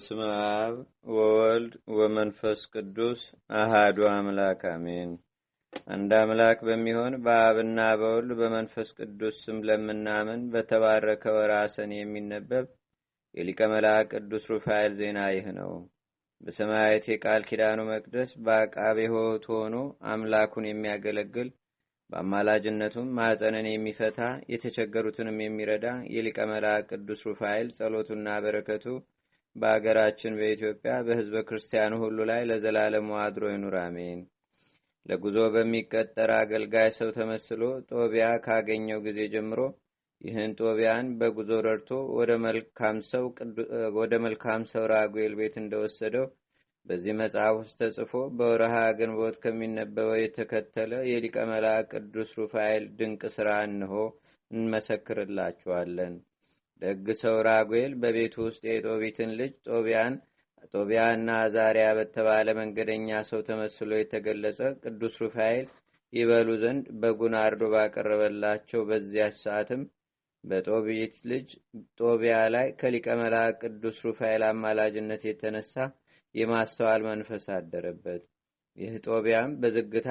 በስመ አብ ወወልድ ወመንፈስ ቅዱስ አሃዱ አምላክ አሜን። አንድ አምላክ በሚሆን በአብና በወልድ በመንፈስ ቅዱስ ስም ለምናምን በተባረከ ወርሃ ሰኔ የሚነበብ የሊቀ መልአክ ቅዱስ ሩፋኤል ዜና ይህ ነው። በሰማያዊት የቃል ኪዳኑ መቅደስ በአቃቤ ሆት ሆኖ አምላኩን የሚያገለግል በአማላጅነቱም ማዕፀንን የሚፈታ የተቸገሩትንም የሚረዳ የሊቀ መልአክ ቅዱስ ሩፋኤል ጸሎቱና በረከቱ በአገራችን በኢትዮጵያ በህዝበ ክርስቲያኑ ሁሉ ላይ ለዘላለም አድሮ ይኑር፣ አሜን። ለጉዞ በሚቀጠር አገልጋይ ሰው ተመስሎ ጦቢያ ካገኘው ጊዜ ጀምሮ ይህን ጦቢያን በጉዞ ረድቶ ወደ መልካም ሰው ራጉኤል ቤት እንደወሰደው በዚህ መጽሐፍ ውስጥ ተጽፎ በወረሃ ግንቦት ከሚነበበው የተከተለ የሊቀ መላ ቅዱስ ሩፋኤል ድንቅ ሥራ እንሆ እንመሰክርላችኋለን። ደግ ሰው ራጉኤል በቤቱ ውስጥ የጦቢትን ልጅ ጦቢያን ጦቢያና አዛሪያ በተባለ መንገደኛ ሰው ተመስሎ የተገለጸ ቅዱስ ሩፋኤል ይበሉ ዘንድ በጉን አርዶ ባቀረበላቸው በዚያች ሰዓትም በጦቢት ልጅ ጦቢያ ላይ ከሊቀ መልአክ ቅዱስ ሩፋኤል አማላጅነት የተነሳ የማስተዋል መንፈስ አደረበት። ይህ ጦቢያም በዝግታ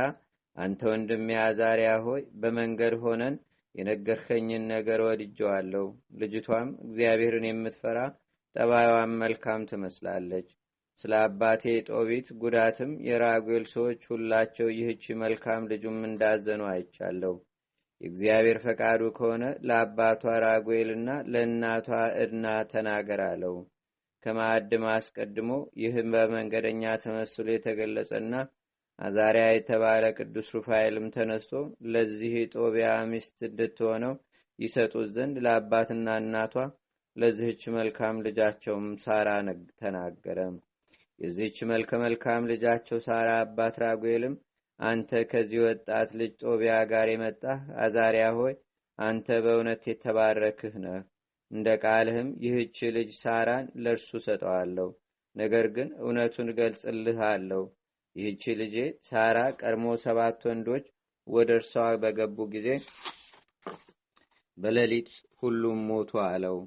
አንተ ወንድሜ አዛሪያ ሆይ በመንገድ ሆነን የነገርከኝን ነገር ወድጀዋለሁ። ልጅቷም እግዚአብሔርን የምትፈራ ጠባይዋን መልካም ትመስላለች። ስለ አባቴ ጦቢት ጉዳትም የራጉኤል ሰዎች ሁላቸው ይህች መልካም ልጁም እንዳዘኑ አይቻለሁ። የእግዚአብሔር ፈቃዱ ከሆነ ለአባቷ ራጉኤልና ለእናቷ እድና ተናገር አለው። ከማዕድም አስቀድሞ ይህም በመንገደኛ ተመስሎ የተገለጸና አዛሪያ የተባለ ቅዱስ ሩፋኤልም ተነስቶ ለዚህ ጦቢያ ሚስት እንድትሆነው ይሰጡት ዘንድ ለአባትና እናቷ ለዚህች መልካም ልጃቸውም ሳራ ተናገረ። የዚህች መልከ መልካም ልጃቸው ሳራ አባት ራጉኤልም አንተ ከዚህ ወጣት ልጅ ጦቢያ ጋር የመጣህ አዛሪያ ሆይ አንተ በእውነት የተባረክህ ነህ። እንደ ቃልህም ይህች ልጅ ሳራን ለእርሱ ሰጠዋለሁ። ነገር ግን እውነቱን እገልጽልህ አለው ይህቺ ልጄ ሳራ ቀድሞ ሰባት ወንዶች ወደ እርሷ በገቡ ጊዜ በሌሊት ሁሉም ሞቱ አለው።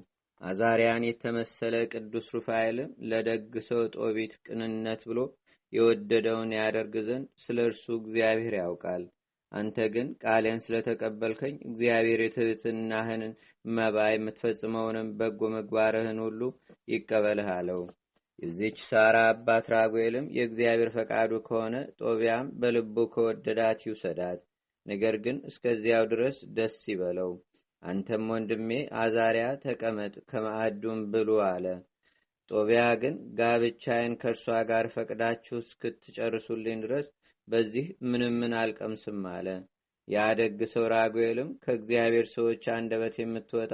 አዛሪያን የተመሰለ ቅዱስ ሩፋኤልም ለደግ ሰው ጦቢት ቅንነት ብሎ የወደደውን ያደርግ ዘንድ ስለ እርሱ እግዚአብሔር ያውቃል። አንተ ግን ቃሌን ስለተቀበልከኝ እግዚአብሔር የትሕትናህን መባ የምትፈጽመውንም በጎ ምግባርህን ሁሉ ይቀበልህ አለው። የዚች ሳራ አባት ራጉኤልም የእግዚአብሔር ፈቃዱ ከሆነ ጦቢያም በልቡ ከወደዳት ይውሰዳት። ነገር ግን እስከዚያው ድረስ ደስ ይበለው። አንተም ወንድሜ አዛሪያ ተቀመጥ፣ ከማዕዱም ብሉ አለ። ጦቢያ ግን ጋብቻዬን ከእርሷ ጋር ፈቅዳችሁ እስክትጨርሱልኝ ድረስ በዚህ ምንም ምን አልቀምስም አለ። ያደግ ሰው ራጉኤልም ከእግዚአብሔር ሰዎች አንደበት የምትወጣ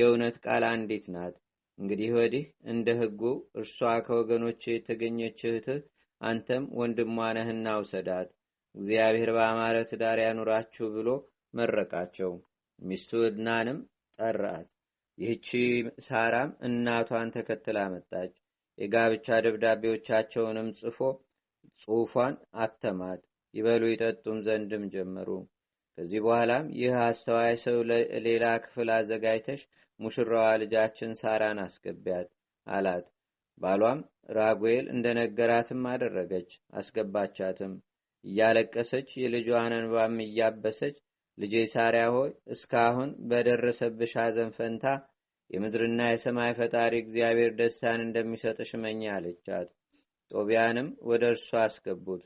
የእውነት ቃል አንዲት ናት እንግዲህ ወዲህ እንደ ህጉ እርሷ ከወገኖች የተገኘች እህትህ አንተም ወንድሟ ነህና ውሰዳት፣ እግዚአብሔር በአማረ ትዳር ያኑራችሁ ብሎ መረቃቸው። ሚስቱ እድናንም ጠራት። ይህቺ ሳራም እናቷን ተከትላ መጣች። የጋብቻ ደብዳቤዎቻቸውንም ጽፎ ጽሑፏን አተማት። ይበሉ ይጠጡም ዘንድም ጀመሩ። ከዚህ በኋላም ይህ አስተዋይ ሰው ሌላ ክፍል አዘጋጅተሽ ሙሽራዋ ልጃችን ሳራን አስገቢያት አላት። ባሏም ራጉኤል እንደነገራትም አደረገች፣ አስገባቻትም። እያለቀሰች የልጇን እንባም እያበሰች ልጄ ሳሪያ ሆይ እስካሁን በደረሰብሽ ሐዘን ፈንታ የምድርና የሰማይ ፈጣሪ እግዚአብሔር ደስታን እንደሚሰጥሽ መኝ አለቻት። ጦቢያንም ወደ እርሱ አስገቡት።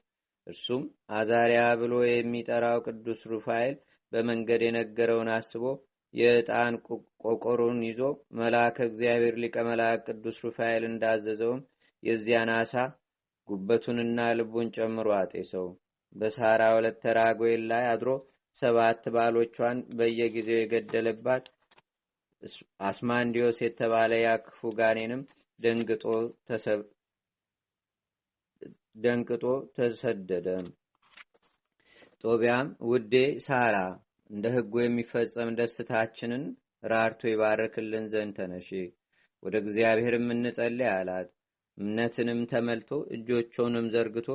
እርሱም አዛሪያ ብሎ የሚጠራው ቅዱስ ሩፋኤል በመንገድ የነገረውን አስቦ የዕጣን ቆቆሩን ይዞ መልአከ እግዚአብሔር ሊቀ መልአክ ቅዱስ ሩፋኤል እንዳዘዘውም የዚያን አሳ ጉበቱንና ልቡን ጨምሮ አጤሰው። በሳራ ሁለት ተራጎይል ላይ አድሮ ሰባት ባሎቿን በየጊዜው የገደለባት አስማንዲዮስ የተባለ ያክፉ ጋኔንም ደንግጦ ደንቅጦ ተሰደደ። ጦቢያም ውዴ ሳራ እንደ ህጉ የሚፈጸም ደስታችንን ራርቶ ይባርክልን ዘንድ ተነሺ፣ ወደ እግዚአብሔርም እንጸልይ አላት። እምነትንም ተመልቶ እጆቾንም ዘርግቶ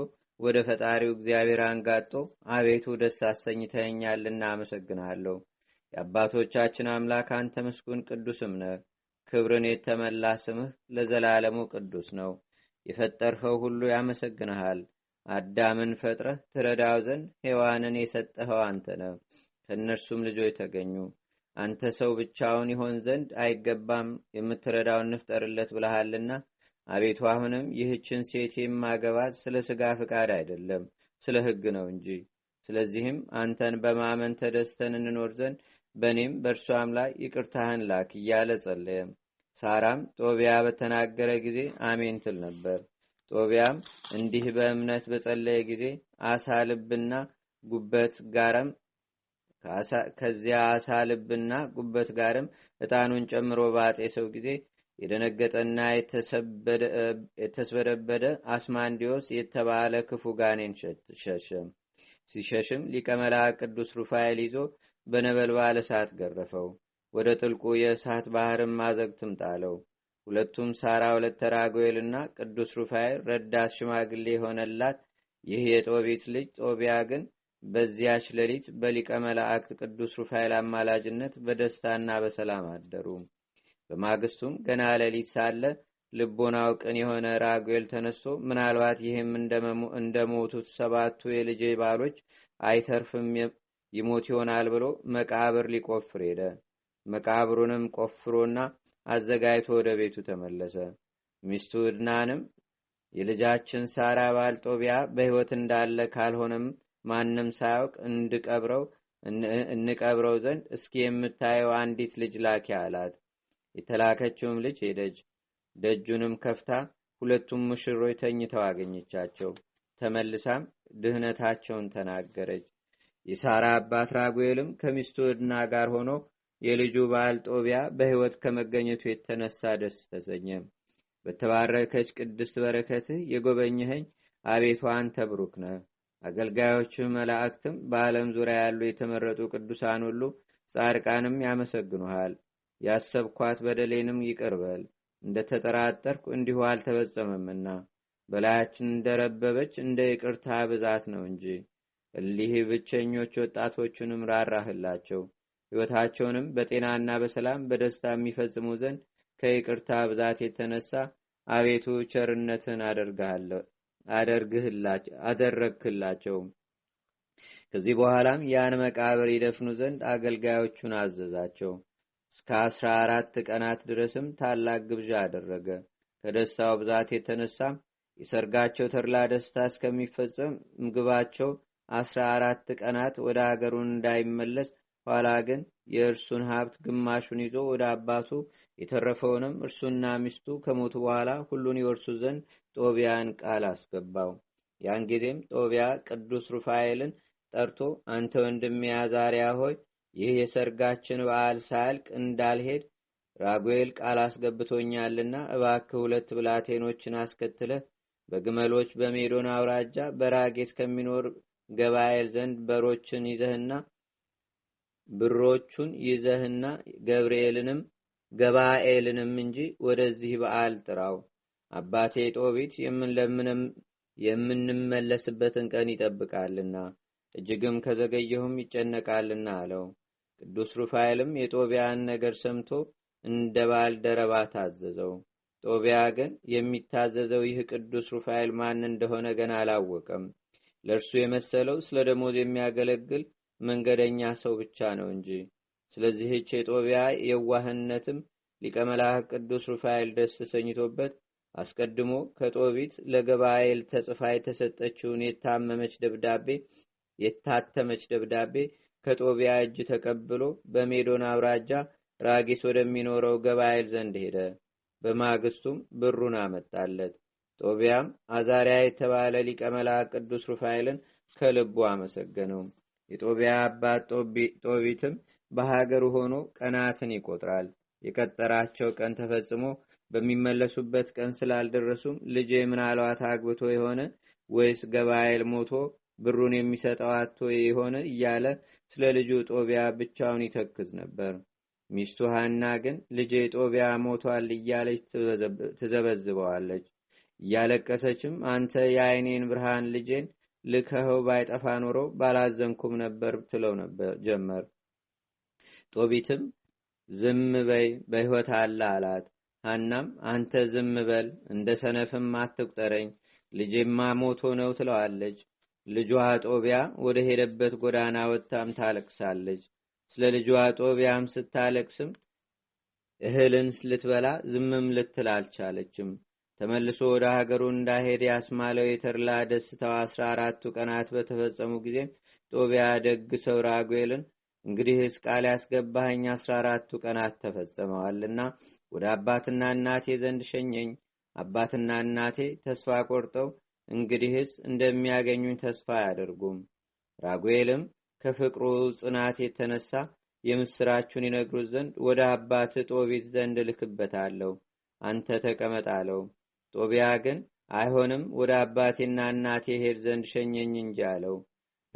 ወደ ፈጣሪው እግዚአብሔር አንጋጦ አቤቱ ደስ አሰኝተኸኛልና አመሰግናለሁ። የአባቶቻችን አምላክ አንተ ምስጉን ቅዱስም ነህ። ክብርን የተመላ ስምህ ለዘላለሙ ቅዱስ ነው። የፈጠርኸው ሁሉ ያመሰግንሃል። አዳምን ፈጥረህ ትረዳው ዘንድ ሔዋንን የሰጠኸው አንተ ነው። ከእነርሱም ልጆች ተገኙ። አንተ ሰው ብቻውን ይሆን ዘንድ አይገባም፣ የምትረዳውን እንፍጠርለት ብለሃልና። አቤቱ አሁንም ይህችን ሴት የማገባት ስለ ሥጋ ፍቃድ አይደለም፣ ስለ ሕግ ነው እንጂ። ስለዚህም አንተን በማመን ተደስተን እንኖር ዘንድ በእኔም በእርሷም ላይ ይቅርታህን ላክ እያለ ጸለየም። ሳራም ጦቢያ በተናገረ ጊዜ አሜን ትል ነበር። ጦቢያም እንዲህ በእምነት በጸለየ ጊዜ አሳ ልብና ጉበት ጋርም ከዚያ አሳ ልብና ጉበት ጋርም ዕጣኑን ጨምሮ በአጤ ሰው ጊዜ የደነገጠና የተስበደበደ አስማንዲዮስ የተባለ ክፉ ጋኔን ሸሸም። ሲሸሽም ሊቀመላ ቅዱስ ሩፋኤል ይዞ በነበልባል እሳት ገረፈው። ወደ ጥልቁ የእሳት ባህርም ማዘግትም ጣለው። ሁለቱም ሳራ ሁለተ ራጉኤልና ቅዱስ ሩፋኤል ረዳት ሽማግሌ የሆነላት ይህ የጦቢት ልጅ ጦቢያ ግን በዚያች ሌሊት በሊቀ መላእክት ቅዱስ ሩፋኤል አማላጅነት በደስታና በሰላም አደሩ። በማግስቱም ገና ሌሊት ሳለ ልቦናው ቅን የሆነ ራጉኤል ተነስቶ ምናልባት ይህም እንደሞቱት ሰባቱ የልጄ ባሎች አይተርፍም ይሞት ይሆናል ብሎ መቃብር ሊቆፍር ሄደ። መቃብሩንም ቆፍሮና አዘጋጅቶ ወደ ቤቱ ተመለሰ። ሚስቱ ዕድናንም የልጃችን ሳራ ባል ጦቢያ በሕይወት እንዳለ ካልሆነም ማንም ሳያውቅ እንድቀብረው እንቀብረው ዘንድ እስኪ የምታየው አንዲት ልጅ ላኪ አላት። የተላከችውም ልጅ ሄደች። ደጁንም ከፍታ ሁለቱም ሙሽሮች ተኝተው አገኘቻቸው። ተመልሳም ድህነታቸውን ተናገረች። የሳራ አባት ራጉኤልም ከሚስቱ ዕድና ጋር ሆኖ የልጁ ባል ጦቢያ በሕይወት ከመገኘቱ የተነሳ ደስ ተሰኘ። በተባረከች ቅድስት በረከትህ የጎበኘኸኝ አቤቱ አንተ ብሩክ ነህ። አገልጋዮችህ መላእክትም በዓለም ዙሪያ ያሉ የተመረጡ ቅዱሳን ሁሉ ጻድቃንም ያመሰግኑሃል። ያሰብኳት በደሌንም ይቅርበል እንደ ተጠራጠርኩ እንዲሁ አልተፈጸመምና በላያችን እንደረበበች እንደ ይቅርታ ብዛት ነው እንጂ እሊህ ብቸኞች ወጣቶቹንም ራራህላቸው ሕይወታቸውንም በጤናና በሰላም በደስታ የሚፈጽሙ ዘንድ ከይቅርታ ብዛት የተነሳ አቤቱ ቸርነትን አደረግህላቸው። ከዚህ በኋላም ያን መቃብር ይደፍኑ ዘንድ አገልጋዮቹን አዘዛቸው። እስከ አስራ አራት ቀናት ድረስም ታላቅ ግብዣ አደረገ። ከደስታው ብዛት የተነሳም የሰርጋቸው ተድላ ደስታ እስከሚፈጸም ምግባቸው አስራ አራት ቀናት ወደ አገሩን እንዳይመለስ ኋላ ግን የእርሱን ሀብት ግማሹን ይዞ ወደ አባቱ የተረፈውንም እርሱና ሚስቱ ከሞቱ በኋላ ሁሉን ይወርሱ ዘንድ ጦቢያን ቃል አስገባው። ያን ጊዜም ጦቢያ ቅዱስ ሩፋኤልን ጠርቶ አንተ ወንድሜ አዛሪያ ሆይ ይህ የሰርጋችን በዓል ሳያልቅ እንዳልሄድ ራጉኤል ቃል አስገብቶኛልና እባክህ ሁለት ብላቴኖችን አስከትለህ በግመሎች በሜዶን አውራጃ በራጌ ከሚኖር ገባኤል ዘንድ በሮችን ይዘህና ብሮቹን ይዘህና ገብርኤልንም ገባኤልንም እንጂ ወደዚህ በዓል ጥራው። አባቴ ጦቢት የምንመለስበትን ቀን ይጠብቃልና እጅግም ከዘገየሁም ይጨነቃልና አለው። ቅዱስ ሩፋኤልም የጦቢያን ነገር ሰምቶ እንደ ባልደረባ ታዘዘው። ጦቢያ ግን የሚታዘዘው ይህ ቅዱስ ሩፋኤል ማን እንደሆነ ገና አላወቀም። ለእርሱ የመሰለው ስለ ደሞዝ የሚያገለግል መንገደኛ ሰው ብቻ ነው እንጂ። ስለዚህች የጦቢያ የዋህነትም ሊቀ መልአክ ቅዱስ ሩፋኤል ደስ ተሰኝቶበት አስቀድሞ ከጦቢት ለገባኤል ተጽፋ የተሰጠችውን የታመመች ደብዳቤ የታተመች ደብዳቤ ከጦቢያ እጅ ተቀብሎ በሜዶን አውራጃ ራጊስ ወደሚኖረው ገባኤል ዘንድ ሄደ። በማግስቱም ብሩን አመጣለት። ጦቢያም አዛሪያ የተባለ ሊቀ መልአክ ቅዱስ ሩፋኤልን ከልቡ አመሰገነው። የጦቢያ አባት ጦቢትም በሀገሩ ሆኖ ቀናትን ይቆጥራል። የቀጠራቸው ቀን ተፈጽሞ በሚመለሱበት ቀን ስላልደረሱም ልጄ ምናልባት አግብቶ የሆነ ወይስ ገባኤል ሞቶ ብሩን የሚሰጠው አቶ የሆነ እያለ ስለ ልጁ ጦቢያ ብቻውን ይተክዝ ነበር። ሚስቱ ሐና ግን ልጄ ጦቢያ ሞቷል እያለች ትዘበዝበዋለች። እያለቀሰችም አንተ የአይኔን ብርሃን ልጄን ልከኸው ባይጠፋ ኖሮ ባላዘንኩም ነበር ትለው ጀመር። ጦቢትም ዝም በይ በሕይወት አለ አላት። ሐናም አንተ ዝም በል እንደ ሰነፍም አትቁጠረኝ፣ ልጄማ ሞቶ ነው ትለዋለች። ልጇ ጦቢያ ወደ ሄደበት ጎዳና ወጥታም ታለቅሳለች። ስለ ልጇ ጦቢያም ስታለቅስም እህልን ልትበላ ዝምም ልትል አልቻለችም። ተመልሶ ወደ ሀገሩ እንዳሄድ ያስማለው ተርላ ደስታው አስራ አራቱ ቀናት በተፈጸሙ ጊዜ ጦቢያ ደግ ሰው ራጉኤልን እንግዲህ ቃል ያስገባኸኝ አስራ አራቱ ቀናት ተፈጽመዋልና ወደ አባትና እናቴ ዘንድ ሸኘኝ። አባትና እናቴ ተስፋ ቆርጠው እንግዲህስ እንደሚያገኙኝ ተስፋ አያደርጉም። ራጉኤልም ከፍቅሩ ጽናት የተነሳ የምስራችሁን ይነግሩት ዘንድ ወደ አባት ጦቢት ዘንድ እልክበታለሁ፣ አንተ ተቀመጣለው። ጦቢያ ግን አይሆንም፣ ወደ አባቴና እናቴ ሄድ ዘንድ ሸኘኝ እንጂ አለው።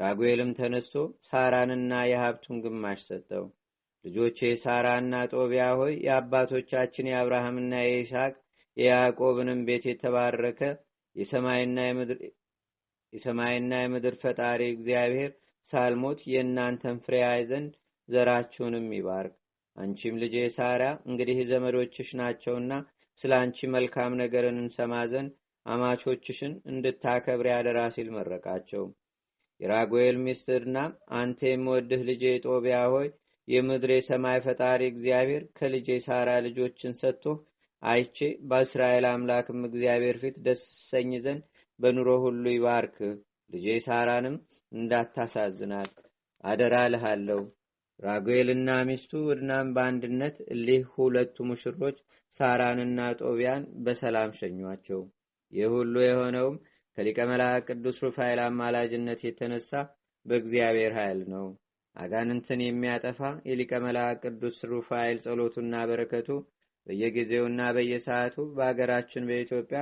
ራጉኤልም ተነስቶ ሳራንና የሀብቱን ግማሽ ሰጠው። ልጆቼ ሳራና ጦቢያ ሆይ የአባቶቻችን የአብርሃምና የይስሐቅ የያዕቆብንም ቤት የተባረከ የሰማይና የምድር ፈጣሪ እግዚአብሔር ሳልሞት የእናንተን ፍሬ ያይ ዘንድ ዘራችሁንም ይባርክ። አንቺም ልጄ ሳራ እንግዲህ ዘመዶችሽ ናቸውና ስለ አንቺ መልካም ነገርን እንሰማ ዘንድ አማቾችሽን እንድታከብር ያደራ ሲል መረቃቸው። የራጉኤል ሚስትርና አንተ የምወድህ ልጄ ጦቢያ ሆይ የምድር የሰማይ ፈጣሪ እግዚአብሔር ከልጄ ሳራ ልጆችን ሰጥቶ አይቼ በእስራኤል አምላክም እግዚአብሔር ፊት ደስ ሰኝ ዘንድ በኑሮ ሁሉ ይባርክ። ልጄ ሳራንም እንዳታሳዝናት አደራ ልሃለሁ። ራጉኤልና ሚስቱ ውድናም በአንድነት እሊህ ሁለቱ ሙሽሮች ሳራንና ጦቢያን በሰላም ሸኟቸው። ይህ ሁሉ የሆነውም ከሊቀ መልአክ ቅዱስ ሩፋኤል አማላጅነት የተነሳ በእግዚአብሔር ኃይል ነው። አጋንንትን የሚያጠፋ የሊቀ መልአክ ቅዱስ ሩፋኤል ጸሎቱና በረከቱ በየጊዜውና በየሰዓቱ በአገራችን በኢትዮጵያ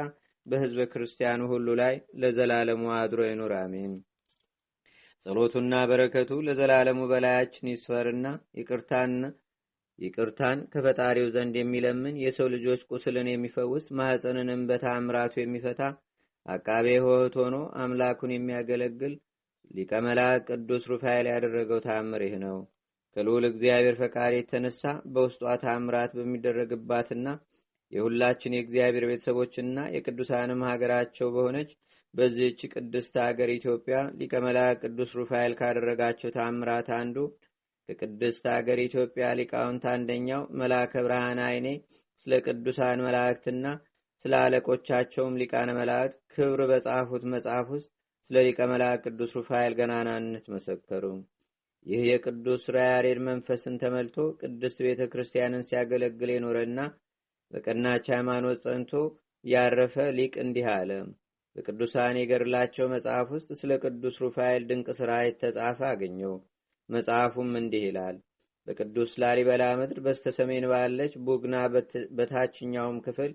በህዝበ ክርስቲያኑ ሁሉ ላይ ለዘላለሙ አድሮ ይኑር፣ አሜን። ጸሎቱና በረከቱ ለዘላለሙ በላያችን ይስፈርና ይቅርታን ይቅርታን ከፈጣሪው ዘንድ የሚለምን የሰው ልጆች ቁስልን የሚፈውስ ማኅፀንንም በታምራቱ የሚፈታ አቃቤ ሆህት ሆኖ አምላኩን የሚያገለግል ሊቀ ቅዱስ ሩፋኤል ያደረገው ታምር ይህ ነው። ከልዑል እግዚአብሔር ፈቃድ የተነሳ በውስጧ ታምራት በሚደረግባትና የሁላችን የእግዚአብሔር ቤተሰቦችና የቅዱሳንም ሀገራቸው በሆነች በዚህች ቅድስት ሀገር ኢትዮጵያ ሊቀ ቅዱስ ሩፋኤል ካደረጋቸው ታምራት አንዱ ከቅድስት ሀገር ኢትዮጵያ ሊቃውንት አንደኛው መልአከ ብርሃን አይኔ ስለ ቅዱሳን መላእክትና ስለ አለቆቻቸውም ሊቃነ መላእክት ክብር በጻፉት መጽሐፍ ውስጥ ስለ ሊቀ መላእክት ቅዱስ ሩፋኤል ገናናነት መሰከሩ። ይህ የቅዱስ ራያሬድ መንፈስን ተመልቶ ቅድስት ቤተ ክርስቲያንን ሲያገለግል የኖረና በቀናች ሃይማኖት ጸንቶ ያረፈ ሊቅ እንዲህ አለ። በቅዱሳን የገድላቸው መጽሐፍ ውስጥ ስለ ቅዱስ ሩፋኤል ድንቅ ሥራ የተጻፈ አገኘው። መጽሐፉም እንዲህ ይላል። በቅዱስ ላሊበላ ምድር በስተ ሰሜን ባለች ቡግና በታችኛውም ክፍል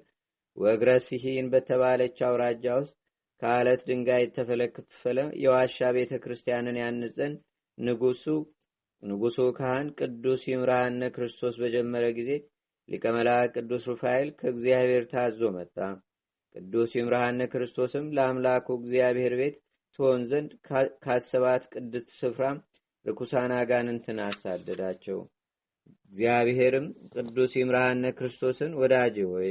ወግረ ሲሂን በተባለች አውራጃ ውስጥ ከአለት ድንጋይ የተፈለከፈለ የዋሻ ቤተ ክርስቲያንን ያንጸን ንጉሱ ንጉሱ ካህን ቅዱስ ይምርሃነ ክርስቶስ በጀመረ ጊዜ ሊቀ መላእክት ቅዱስ ሩፋኤል ከእግዚአብሔር ታዞ መጣ። ቅዱስ ይምርሃነ ክርስቶስም ለአምላኩ እግዚአብሔር ቤት ትሆን ዘንድ ካሰባት ቅድስት ስፍራ ርኩሳን አጋንንትን አሳደዳቸው። እግዚአብሔርም ቅዱስ ይምርሃነ ክርስቶስን ወዳጅ ሆይ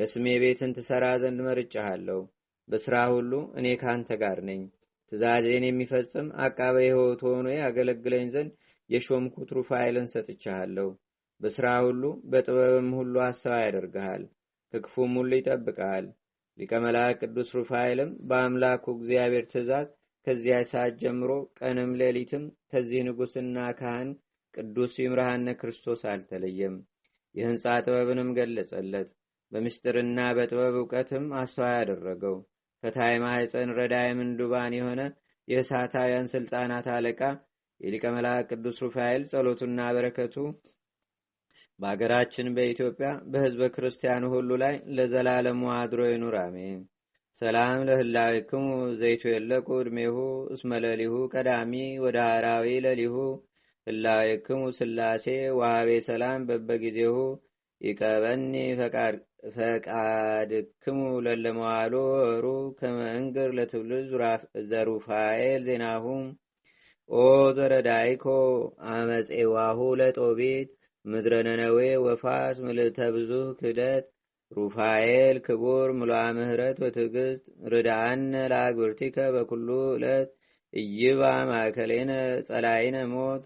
ለስሜ ቤትን ትሠራ ዘንድ መርጫሃለሁ። በሥራ ሁሉ እኔ ካንተ ጋር ነኝ። ትእዛዜን የሚፈጽም አቃበ ሕይወት ሆኖ ያገለግለኝ ዘንድ የሾምኩ ሩፋኤልን ሰጥቻሃለሁ። በሥራ ሁሉ በጥበብም ሁሉ አስተዋይ ያደርግሃል፣ ከክፉም ሁሉ ይጠብቀሃል። ሊቀ መላእክት ቅዱስ ሩፋኤልም በአምላኩ እግዚአብሔር ትእዛዝ ከዚያ ሰዓት ጀምሮ ቀንም ሌሊትም ከዚህ ንጉሥና ካህን ቅዱስ ይምርሃነ ክርስቶስ አልተለየም። የሕንፃ ጥበብንም ገለጸለት። በምስጢርና በጥበብ እውቀትም አስተዋይ አደረገው። ፈታይ ማሕፀን ረዳይ ምንዱባን የሆነ የእሳታውያን ስልጣናት አለቃ የሊቀ መልአክ ቅዱስ ሩፋኤል ጸሎቱና በረከቱ በአገራችን በኢትዮጵያ በሕዝበ ክርስቲያኑ ሁሉ ላይ ለዘላለሙ አድሮ ይኑር፣ አሜን። ሰላም ለህላዊክሙ ዘይቱ የለቁ ዕድሜሁ እስመ ለሊሁ ቀዳሚ ወደ አራዊ ለሊሁ ህላዊክሙ ስላሴ ዋሃቤ ሰላም በበጊዜሁ ይቀበኒ ፈቃድክሙ ለለመዋሎ ወሩ ከመእንግር ለትብል ዘሩፋኤል ዜናሁም ኦ ዘረዳይኮ አመፄዋሁ ለጦቢት ምድረ ነነዌ ወፋት ምልእተ ብዙህ ክደት ሩፋኤል ክቡር ምሏ ምህረት በትዕግስት ርዳአነ ላግብርቲከ በኩሉ ዕለት እይባ ማእከሌነ ጸላይነ ሞት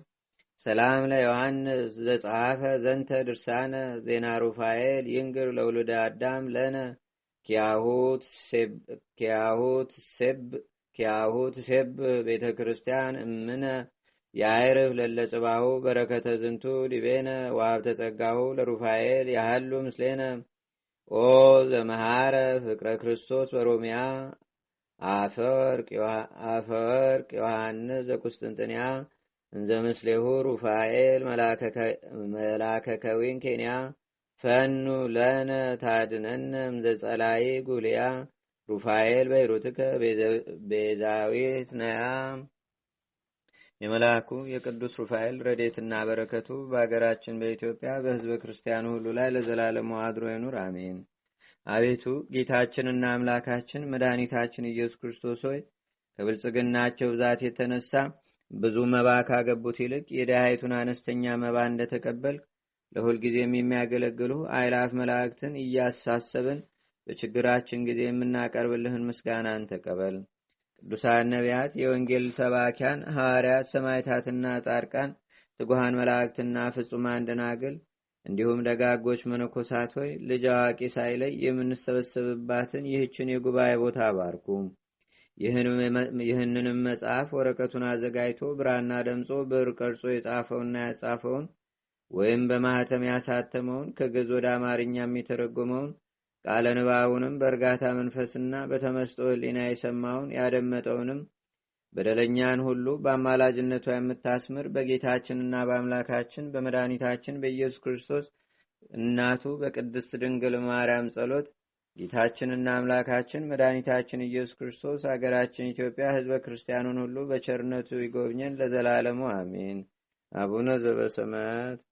ሰላም ለዮሐንስ ዘጸሐፈ ዘንተ ድርሳነ ዜና ሩፋኤል ይንግር ለውሉደ አዳም ለነ ኪያሁት ሴብ ቤተ ክርስቲያን እምነ የአይርፍ ለለጽባሁ በረከተ ዝንቱ ዲቤነ ዋብ ተጸጋሁ ለሩፋኤል ያህሉ ምስሌነ ኦ ዘመሃረ ፍቅረ ክርስቶስ በሮሚያ አፈወርቅ ዮሐንስ ዘቁስጥንጥንያ እንዘ ምስሌሁ ሩፋኤል መላከከዊን ኬንያ ፈኑ ለነ ታድነነ ጸላይ ጉልያ ሩፋኤል በይሩትከ ቤዛዊት ነያ የመልአኩ የቅዱስ ሩፋኤል ረዴትና በረከቱ በአገራችን በኢትዮጵያ በህዝበ ክርስቲያኑ ሁሉ ላይ ለዘላለሙ አድሮ ይኑር፣ አሜን። አቤቱ ጌታችንና አምላካችን መድኃኒታችን ኢየሱስ ክርስቶስ ሆይ ከብልጽግናቸው ብዛት የተነሳ ብዙ መባ ካገቡት ይልቅ የድሃይቱን አነስተኛ መባ ለሁል ለሁልጊዜም የሚያገለግሉ አይላፍ መላእክትን እያሳሰብን በችግራችን ጊዜ የምናቀርብልህን ምስጋናን ተቀበል። ቅዱሳን ነቢያት፣ የወንጌል ሰባኪያን ሐዋርያት፣ ሰማይታትና ጻድቃን፣ ትጉሃን መላእክትና ፍጹማን ደናግል እንዲሁም ደጋጎች መነኮሳት ሆይ ልጅ አዋቂ ሳይለይ የምንሰበሰብባትን ይህችን የጉባኤ ቦታ ባርኩ። ይህንንም መጽሐፍ ወረቀቱን አዘጋጅቶ ብራና ደምጾ ብዕር ቀርጾ የጻፈውና ያጻፈውን ወይም በማኅተም ያሳተመውን ከግዕዝ ወደ አማርኛ የተረጎመውን ቃለ ንባቡንም በእርጋታ መንፈስና በተመስጦ ህሊና የሰማውን ያደመጠውንም በደለኛን ሁሉ በአማላጅነቷ የምታስምር በጌታችንና በአምላካችን በመድኃኒታችን በኢየሱስ ክርስቶስ እናቱ በቅድስት ድንግል ማርያም ጸሎት ጌታችንና አምላካችን መድኃኒታችን ኢየሱስ ክርስቶስ አገራችን ኢትዮጵያ ህዝበ ክርስቲያኑን ሁሉ በቸርነቱ ይጎብኘን ለዘላለሙ አሜን። አቡነ ዘበሰማያት